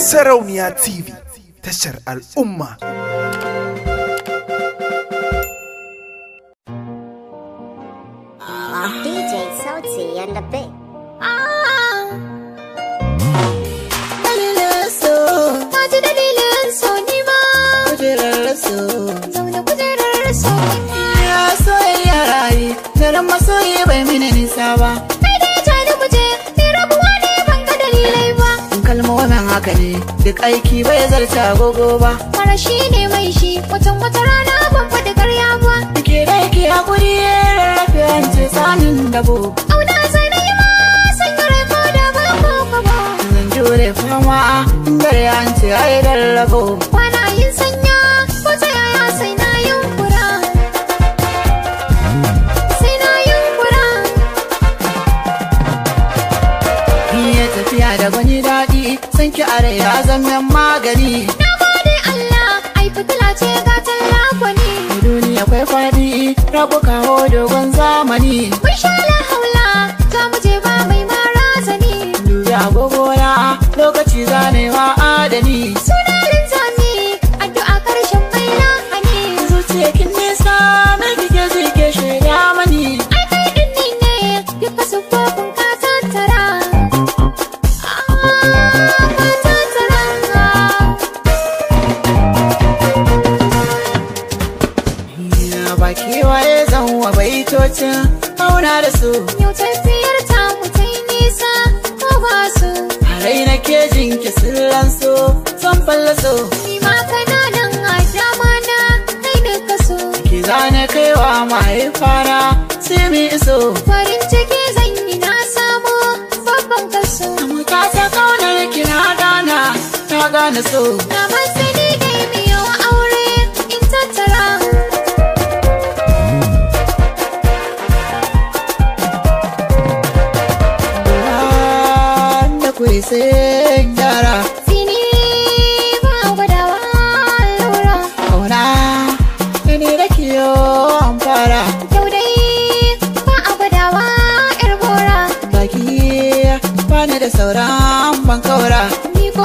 Sarauniya TV tashar al'umma. Ah, DJ Sauti and the ya ah. Soyayya rayu, daren masoyi bai mini nisa ba. haka duk aiki bai zarta gogo ba mara shi ne mai shi mutum wata rana ban faɗi karya ba duke da yake hakuri rarrafe ce tsanin dabo auna sai na yi ma san yi ko da ba ko ka ba zan jure fama in dare an ce ai rarrabo kwana yin sanya ko ta yaya sai na yunkura sai na yunkura Iya tafiya da gwani da sanki a are ya zama magani na gode Allah ai fitila ce ga talla kwani duniya akwai fadi rabu kawo dogon zamani mun sha la haula za mu je ba mai marazani dubi agogo na lokaci zanewa adani giwaye zan wa baitocin auna da su yau mu ta nisa ko ba su harai na kejin ki sirran su san falla su ni ma kana a na kai da kaso ki zane kaiwa mahaifana sai mu iso farin ciki zan yi na samu babban kasu. amma ka ta kina dana ta gane so na kuskure sai gyara sini ba gwadawa lura kauna ni da kiyo an fara yau dai ba a gwadawa yar bora baki ba ni da sauran ban kaura ni ko